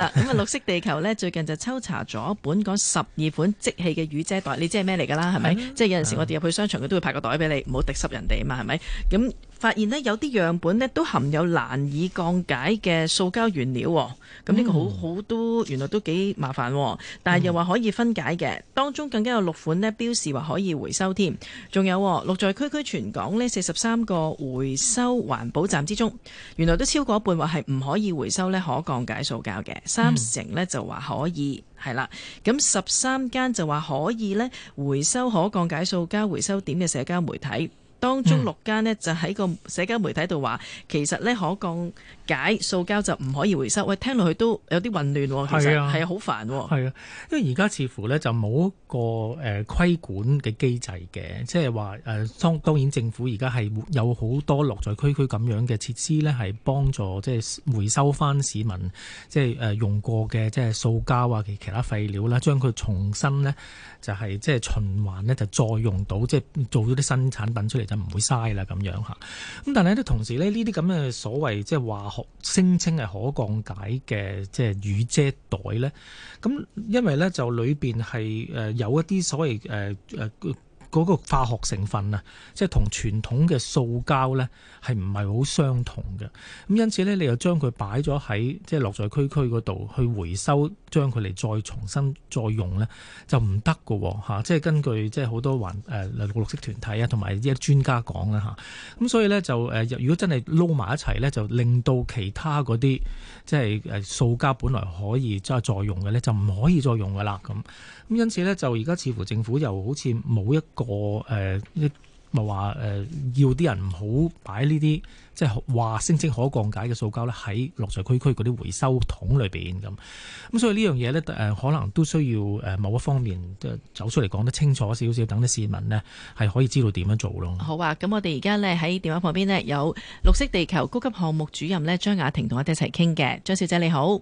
咁啊， 綠惜地球咧最近就抽查咗本港十二款即棄嘅雨遮袋，你知係咩嚟㗎啦？係咪？ 即係有陣時我哋入去商場，佢都會派個袋俾你，唔好滴濕人哋啊嘛，係咪？咁。發現咧有啲樣本咧都含有難以降解嘅塑膠原料，咁呢個好好、嗯、多，原來都幾麻煩，但係又話可以分解嘅，當中更加有六款呢標示話可以回收添，仲有綠在區區全港呢四十三個回收環保站之中，原來都超過一半話係唔可以回收呢可降解塑膠嘅，三成呢就話可以係啦，咁十三間就話可以呢回收可降解塑膠回收點嘅社交媒體。當中六間呢，就喺個社交媒體度話，其實呢、那個，可降解塑膠就唔可以回收。喂，聽落去都有啲混亂，其實係啊，好煩。係啊，因為而家似乎咧就冇一個誒規管嘅機制嘅，即係話誒當當然政府而家係有好多綠在區區咁樣嘅設施咧，係幫助即係回收翻市民即係誒用過嘅即係塑膠啊，其其他廢料啦，將佢重新咧就係即係循環咧就再用到，即係做咗啲新產品出嚟就唔會嘥啦咁樣吓，咁但係咧，同時咧，呢啲咁嘅所謂即係話。聲稱係可降解嘅，即係雨遮袋咧。咁因為咧就裏邊係誒有一啲所謂誒誒。呃呃嗰個化學成分啊，即係同傳統嘅塑膠呢，係唔係好相同嘅？咁因此呢，你又將佢擺咗喺即係綠在區區嗰度去回收，將佢嚟再重新再用呢，就唔得㗎吓。即係根據即係好多環誒、呃、綠，綠色團體啊，同埋一啲專家講啦吓，咁所以呢，就誒、呃，如果真係撈埋一齊呢，就令到其他嗰啲即係塑膠本來可以即係再用嘅呢，就唔可以再用㗎喇。咁咁因此呢，就而家似乎政府又好似冇一。一個誒，咪話誒，要啲人唔好擺呢啲即係話聲稱可降解嘅塑膠咧，喺落水區區綠在區區嗰啲回收桶裏邊咁。咁、嗯、所以呢樣嘢咧，誒、呃，可能都需要誒某一方面走出嚟講得清楚少少，等啲市民咧係可以知道點樣做咯。好啊，咁我哋而家咧喺電話旁邊咧有綠惜地球高級項目主任咧張雅婷同我哋一齊傾嘅，張小姐你好。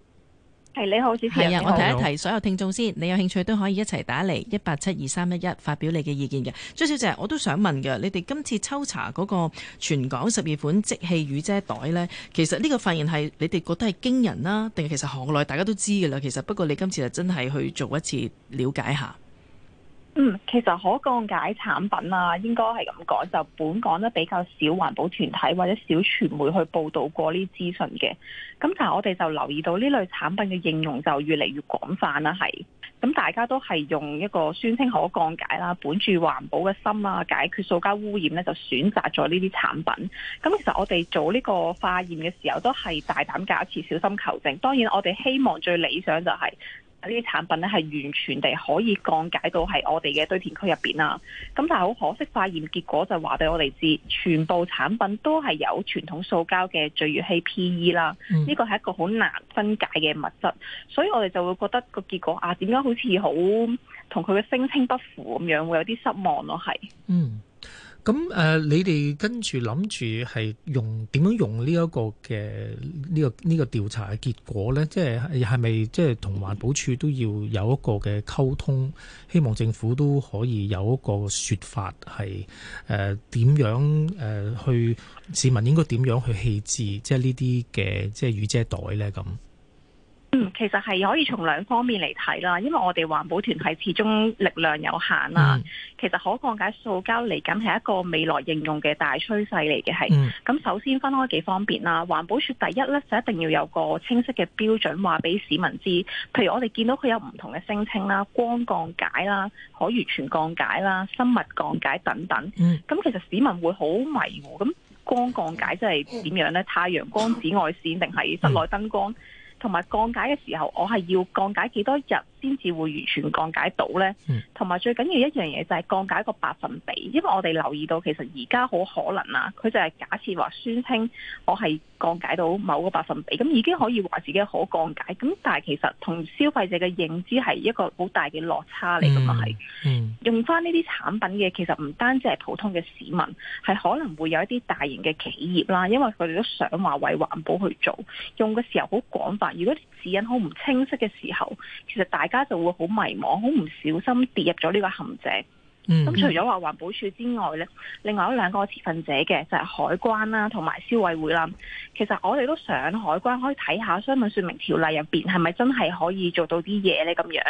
係、hey，你好，小姐係啊，的好我提一提所有聽眾先，你有興趣都可以一齊打嚟一八七二三一一發表你嘅意見嘅。張小姐，我都想問噶，你哋今次抽查嗰個全港十二款即棄雨遮袋呢？其實呢個發現係你哋覺得係驚人啦，定係其實行內大家都知噶啦？其實不過你今次就真係去做一次了解下。嗯，其實可降解產品啊，應該係咁講，就本港咧比較少環保團體或者少傳媒去報導過呢啲資訊嘅。咁但係我哋就留意到呢類產品嘅應用就越嚟越廣泛啦，係咁大家都係用一個宣稱可降解啦，本住環保嘅心啊，解決塑膠污染咧，就選擇咗呢啲產品。咁其實我哋做呢個化驗嘅時候，都係大膽假設，小心求證。當然，我哋希望最理想就係、是。呢啲產品咧係完全地可以降解到喺我哋嘅堆填區入邊啦。咁但係好可惜，化驗結果就話俾我哋知，全部產品都係有傳統塑膠嘅聚乙烯 PE 啦。呢個係一個好難分解嘅物質，所以我哋就會覺得個結果啊，點解好似好同佢嘅聲稱不符咁樣，會有啲失望咯，係。嗯咁誒、嗯，你哋跟住諗住係用點樣用呢一個嘅呢、呢個呢、呢個調查嘅結果咧？即係係咪即係同環保署都要有一個嘅溝通？希望政府都可以有一個說法，係誒點樣誒去市民應該點樣去棄置即係呢啲嘅即係雨遮袋咧咁。其實係可以從兩方面嚟睇啦，因為我哋環保團係始終力量有限啊。嗯、其實可降解塑膠嚟緊係一個未來應用嘅大趨勢嚟嘅，係。咁、嗯、首先分開幾方面啦。環保署第一呢，就一定要有個清晰嘅標準話俾市民知。譬如我哋見到佢有唔同嘅聲稱啦，光降解啦，可完全降解啦，生物降解等等。咁、嗯嗯、其實市民會好迷喎、啊。咁光降解即係點樣呢？太陽光紫外線定係室內燈光？同埋降解嘅時候，我係要降解幾多日？先至會完全降解到呢，同埋、嗯、最緊要一樣嘢就係降解個百分比，因為我哋留意到其實而家好可能啊，佢就係假設話宣稱我係降解到某個百分比，咁已經可以話自己可降解，咁但係其實同消費者嘅認知係一個好大嘅落差嚟，咁啊係，用返呢啲產品嘅其實唔單止係普通嘅市民，係可能會有一啲大型嘅企業啦，因為佢哋都想話為環保去做，用嘅時候好廣泛，如果指引好唔清晰嘅時候，其實大大家就會好迷茫，好唔小心跌入咗呢個陷阱。咁、嗯、除咗話環保署之外呢，另外有兩個持份者嘅就係、是、海關啦，同埋消委會啦。其實我哋都想海關可以睇下商品説明條例入邊係咪真係可以做到啲嘢咧咁樣。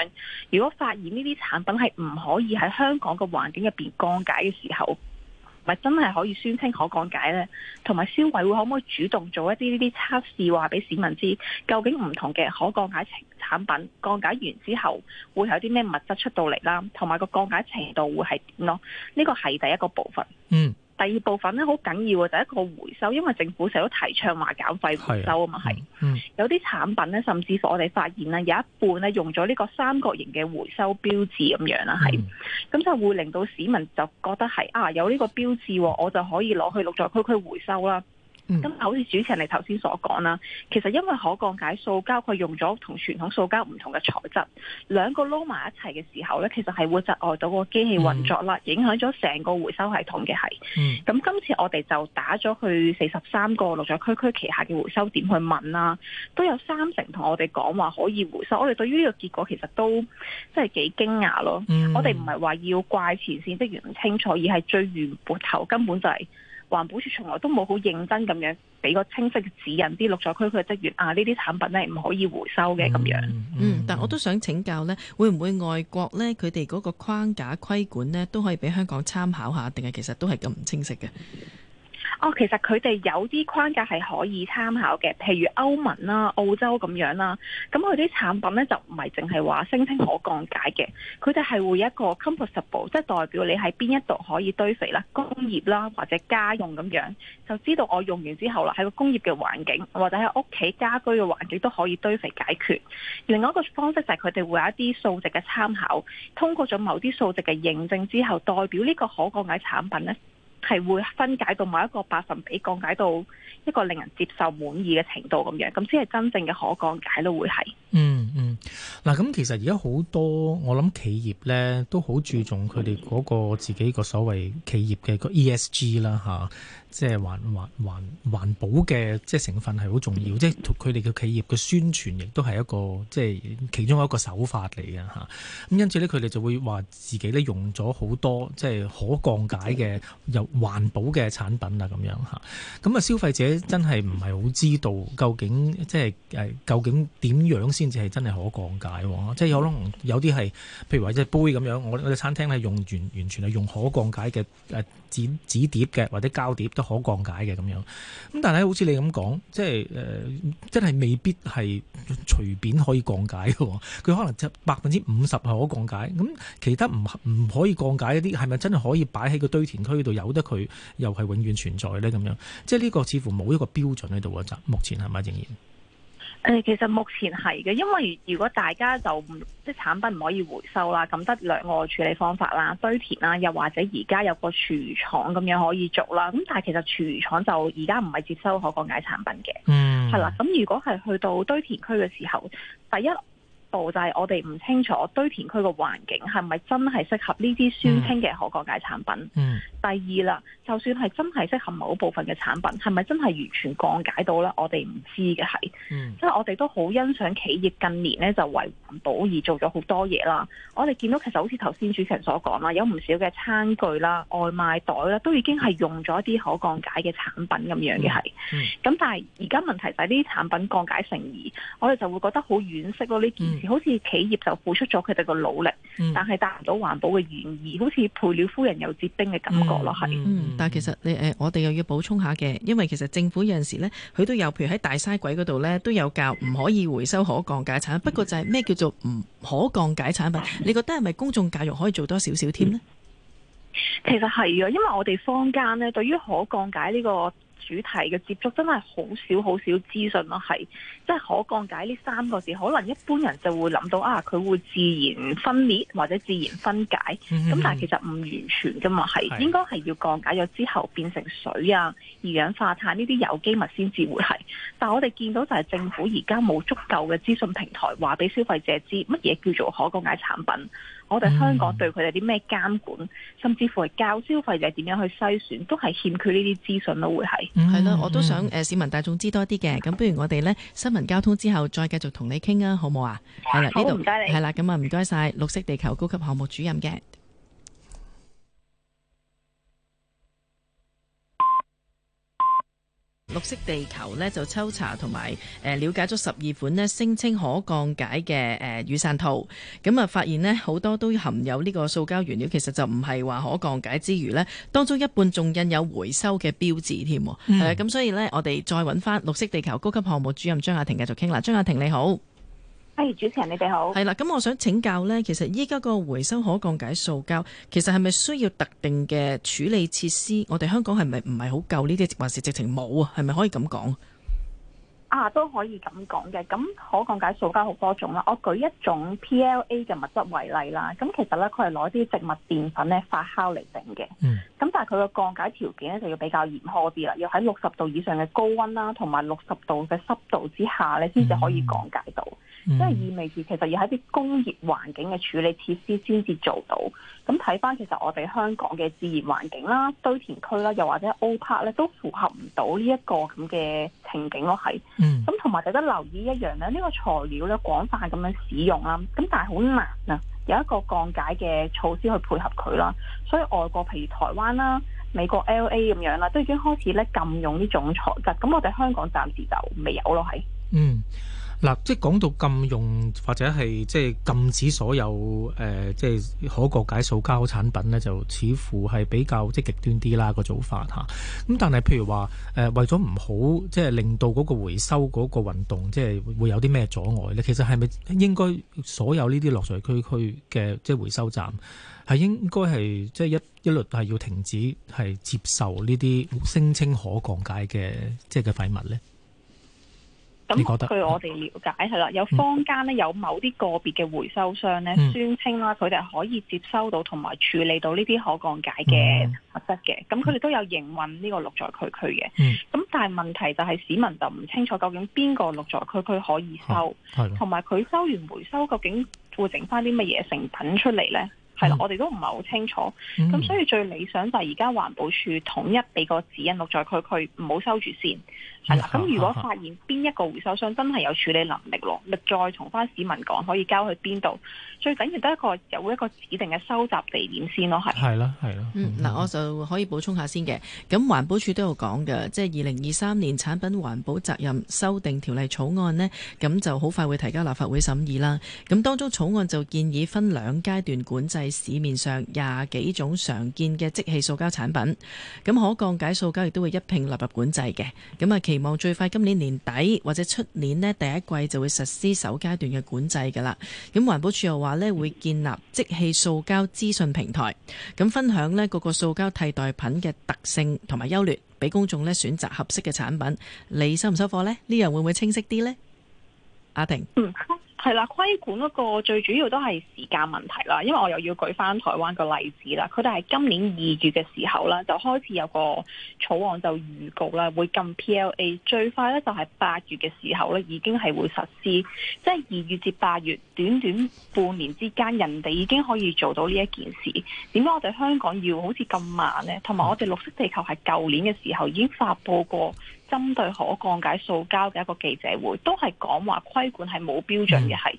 如果發現呢啲產品係唔可以喺香港嘅環境入邊降解嘅時候，咪真係可以宣稱可降解呢？同埋消委會可唔可以主動做一啲呢啲測試，話俾市民知究竟唔同嘅可降解產品降解完之後會有啲咩物質出到嚟啦，同埋個降解程度會係點咯？呢個係第一個部分。嗯。第二部分咧好緊要，就係、一個回收，因為政府成日都提倡話減廢回收啊嘛，係。有啲產品咧，甚至乎我哋發現咧，有一半咧用咗呢個三角形嘅回收標誌咁樣啦，係。咁、嗯、就會令到市民就覺得係啊，有呢個標誌、哦，我就可以攞去綠在區區回收啦。咁好似主持人你頭先所講啦，其實因為可降解塑膠佢用咗同傳統塑膠唔同嘅材質，兩個撈埋一齊嘅時候呢，其實係會窒礙到個機器運作啦，影響咗成個回收系統嘅，係。咁、嗯、今次我哋就打咗去四十三個綠在區區旗下嘅回收點去問啦，都有三成同我哋講話可以回收。我哋對於呢個結果其實都真係幾驚訝咯。嗯、我哋唔係話要怪前線職員唔清楚，而係最源頭根本就係、是。環保署從來都冇好認真咁樣俾個清晰指引啲綠在區區佢嘅職員啊，呢啲產品呢，唔可以回收嘅咁樣。嗯，嗯，但我都想請教呢，會唔會外國呢，佢哋嗰個框架規管呢，都可以俾香港參考下，定係其實都係咁唔清晰嘅？哦，其實佢哋有啲框架係可以參考嘅，譬如歐盟啦、澳洲咁樣啦，咁佢啲產品呢，就唔係淨係話聲稱可降解嘅，佢哋係會一個 compostable，即係代表你喺邊一度可以堆肥啦，工業啦或者家用咁樣，就知道我用完之後啦，喺個工業嘅環境或者喺屋企家居嘅環境都可以堆肥解決。另外一個方式就係佢哋會有一啲數值嘅參考，通過咗某啲數值嘅認證之後，代表呢個可降解產品呢。係會分解到某一個百分比，降解到一個令人接受滿意嘅程度咁樣，咁先係真正嘅可降解咯，都會係、嗯。嗯嗯，嗱，咁其實而家好多我諗企業呢都好注重佢哋嗰個自己個所謂企業嘅個 ESG 啦、啊，吓。即係環環環環保嘅即係成分係好重要，即係佢哋嘅企業嘅宣傳亦都係一個即係其中一個手法嚟嘅嚇。咁因此咧，佢哋就會話自己咧，用咗好多即係可降解嘅有環保嘅產品啊咁樣嚇。咁啊，消費者真係唔係好知道究竟即係誒究竟點樣先至係真係可降解？即係有可能有啲係譬如話一杯咁樣，我我哋餐廳係用完完全係用可降解嘅誒。紙紙碟嘅或者膠碟都可降解嘅咁樣，咁但係好似你咁講，即係誒、呃，真係未必係隨便可以降解嘅喎，佢可能就百分之五十係可降解，咁其他唔唔可以降解嗰啲係咪真係可以擺喺個堆填區度由得佢又係永遠存在咧咁樣？即係呢個似乎冇一個標準喺度啊，暫目前係咪仍然？誒，其實目前係嘅，因為如果大家就唔即係產品唔可以回收啦，咁得兩個處理方法啦，堆填啦，又或者而家有個廚廠咁樣可以做啦。咁但係其實廚廠就而家唔係接收可降解產品嘅，嗯，係啦。咁如果係去到堆填區嘅時候，第一，度就係我哋唔清楚堆填區個環境係咪真係適合呢啲聲稱嘅可降解產品？嗯嗯、第二啦，就算係真係適合某部分嘅產品，係咪真係完全降解到呢？我哋唔知嘅係。嗯、即係我哋都好欣賞企業近年呢就為環保而做咗好多嘢啦。我哋見到其實好似頭先主持人所講啦，有唔少嘅餐具啦、外賣袋啦，都已經係用咗一啲可降解嘅產品咁樣嘅係、嗯。嗯。咁、嗯、但係而家問題就係呢啲產品降解成疑，我哋就會覺得好惋惜咯呢件好似企業就付出咗佢哋嘅努力，嗯、但係達唔到環保嘅原意，好似賠了夫人又折兵嘅感覺咯，係、嗯。嗯，但係其實你誒、呃，我哋又要補充下嘅，因為其實政府有陣時咧，佢都有，譬如喺大嘥鬼嗰度咧，都有教唔可以回收可降解產品。不過就係咩叫做唔可降解產品？你覺得係咪公眾教育可以做多少少添呢、嗯？其實係啊，因為我哋坊間咧，對於可降解呢、這個。主題嘅接觸真係好少好少資訊咯，係即係可降解呢三個字，可能一般人就會諗到啊，佢會自然分裂或者自然分解，咁但係其實唔完全㗎嘛，係應該係要降解咗之後變成水啊、二氧化碳呢啲有機物先至會係。但係我哋見到就係政府而家冇足夠嘅資訊平台話俾消費者知乜嘢叫做可降解產品，我哋香港對佢哋啲咩監管，甚至乎係教消費者點樣去篩選，都係欠缺呢啲資訊咯，會係。係啦、 嗯哲，我都想誒市民大眾知多啲嘅，咁不如我哋呢新聞交通之後再繼續同你傾啊，好唔好啊？係啦里，呢度唔該你係啦，咁啊唔該晒綠惜地球高級項目主任嘅。綠惜地球咧就抽查同埋誒了解咗十二款咧聲稱可降解嘅誒、呃、雨傘套，咁、呃、啊發現咧好多都含有呢個塑膠原料，其實就唔係話可降解之餘咧，當中一半仲印有回收嘅標誌添、哦，係咁、mm hmm. 呃、所以呢，我哋再揾翻綠惜地球高級項目主任張雅婷繼續傾啦，張雅婷你好。係，主持人你哋好。係啦，咁我想請教呢。其實依家個回收可降解塑膠，其實係咪需要特定嘅處理設施？我哋香港係咪唔係好夠呢啲，還是直情冇啊？係咪可以咁講？啊，都可以咁講嘅。咁可降解塑膠好多種啦，我舉一種 PLA 嘅物質為例啦。咁其實呢，佢係攞啲植物澱粉咧發酵嚟整嘅。嗯。咁但係佢個降解條件咧就要比較嚴苛啲啦，要喺六十度以上嘅高温啦，同埋六十度嘅濕度之下咧，先至可以降解到。嗯。即係、嗯、意味住，其實要喺啲工業環境嘅處理設施先至做到。咁睇翻，其實我哋香港嘅自然環境啦、堆填區啦，又或者 O Park 咧，都符合唔到呢一個咁嘅情景咯。係、嗯。咁同埋大家留意一樣咧，呢個材料咧廣泛咁樣使用啦，咁但係好難啊，有一個降解嘅措施去配合佢啦。所以外國譬如台灣啦、美國 LA 咁樣啦，都已經開始咧禁用呢種材質。咁我哋香港暫時就未有咯，係。嗯。嗱，即係講到禁用或者係即係禁止所有誒，即、呃、係、即係、可降解塑膠產品呢，就似乎係比較即係、即係、極端啲啦、個做法嚇。咁但係譬如話誒、呃，為咗唔好即係令到嗰個回收嗰個運動即係、即係、會有啲咩阻礙呢？其實係咪應該所有呢啲綠在區區嘅即係回收站係應該係即係一一律係要停止係接受呢啲聲稱可降解嘅即係嘅廢物呢？咁、嗯、據我哋了解係啦，嗯、有坊間咧有某啲個別嘅回收商咧宣稱啦，佢哋可以接收到同埋處理到呢啲可降解嘅物質嘅，咁佢哋都有營運呢個綠在區區嘅。咁、嗯、但係問題就係市民就唔清楚究竟邊個綠在區區可以收，同埋佢收完回收究竟會整翻啲乜嘢成品出嚟咧？係啦，我哋都唔係好清楚，咁所以最理想就係而家環保署統一俾個指引落在佢，佢唔好收住先。係啦，咁、嗯、如果發現邊一個回收商真係有處理能力咯，咪再同翻市民講，可以交去邊度？最緊要得一個有一個指定嘅收集地點先咯，係。係啦，係啦。嗯，嗱，我就可以補充下先嘅。咁環保署都有講嘅，即係二零二三年產品環保責任修訂條例草案呢，咁就好快會提交立法會審議啦。咁當中草案就建議分兩階段管制。市面上廿幾種常見嘅即棄塑膠產品，咁可降解塑膠亦都會一併納入管制嘅。咁啊，期望最快今年年底或者出年呢第一季就會實施首階段嘅管制噶啦。咁環保署又話呢會建立即棄塑膠資訊平台，咁分享呢各個塑膠替代品嘅特性同埋優劣，俾公眾呢選擇合適嘅產品。你收唔收貨呢？呢樣會唔會清晰啲呢？阿婷。係啦，規管嗰個最主要都係時間問題啦，因為我又要舉翻台灣個例子啦。佢哋係今年二月嘅時候啦，就開始有個草案就預告啦，會禁 PLA，最快咧就係八月嘅時候咧，已經係會實施。即係二月至八月，短短半年之間，人哋已經可以做到呢一件事。點解我哋香港要好似咁慢呢？同埋我哋綠惜地球係舊年嘅時候已經發布過。針對可降解塑膠嘅一個記者會，都係講話規管係冇標準嘅，係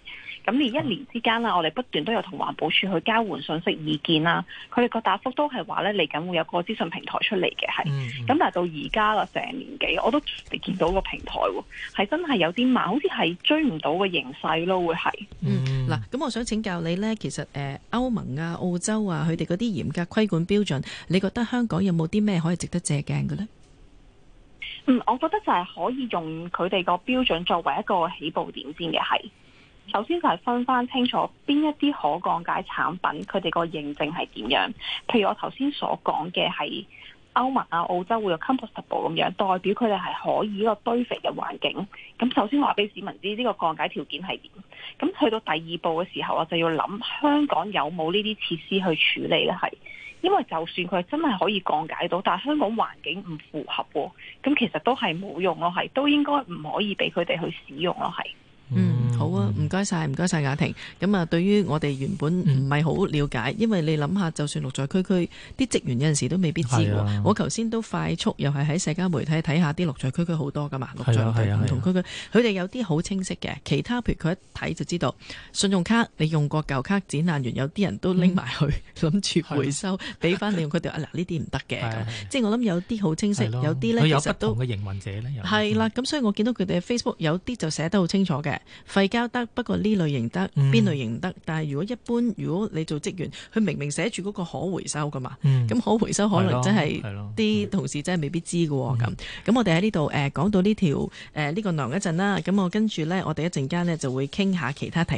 咁、嗯。而一年之間啦，我哋不斷都有同環保署去交換信息意見啦。佢哋個答覆都係話呢，嚟緊會有個資訊平台出嚟嘅，係咁、嗯。但係到而家啦，成年幾，我都未見到個平台喎，係真係有啲慢，好似係追唔到個形勢咯，會係。嗯，嗱、嗯，咁我想請教你呢，其實誒歐盟啊、澳洲啊，佢哋嗰啲嚴格規管標準，你覺得香港有冇啲咩可以值得借鏡嘅呢？嗯，我覺得就係可以用佢哋個標準作為一個起步點先嘅，係首先就係分翻清楚邊一啲可降解產品佢哋個認證係點樣，譬如我頭先所講嘅係歐盟啊、澳洲會有 compostable 咁樣，代表佢哋係可以呢個堆肥嘅環境。咁首先話俾市民知呢個降解條件係點，咁去到第二步嘅時候，我就要諗香港有冇呢啲設施去處理咧，係。因為就算佢真係可以降解到，但係香港環境唔符合，咁其實都係冇用咯，係，都應該唔可以俾佢哋去使用咯，係。好啊，唔該晒，唔該晒雅婷。咁啊，對於我哋原本唔係好了解，因為你諗下，就算綠在區區啲職員有陣時都未必知喎。我頭先都快速又係喺社交媒體睇下啲綠在區區好多噶嘛，綠在區唔同區區，佢哋有啲好清晰嘅，其他譬如佢一睇就知道信用卡你用過舊卡，展覽完有啲人都拎埋去諗住回收，俾翻你用佢哋啊，嗱，呢啲唔得嘅。即係我諗有啲好清晰，有啲呢其實都。佢有不同嘅營運者咧，係啦。咁所以我見到佢哋 Facebook 有啲就寫得好清楚嘅交得，不過呢類型得，邊類型得？嗯、但係如果一般，如果你做職員，佢明明寫住個可回收噶嘛，咁、嗯、可回收可能真係啲同事真係未必知嘅咁。咁、嗯、我哋喺呢度誒講到呢條誒呢個囊一陣啦，咁我跟住咧，我哋一陣間咧就會傾下其他題目。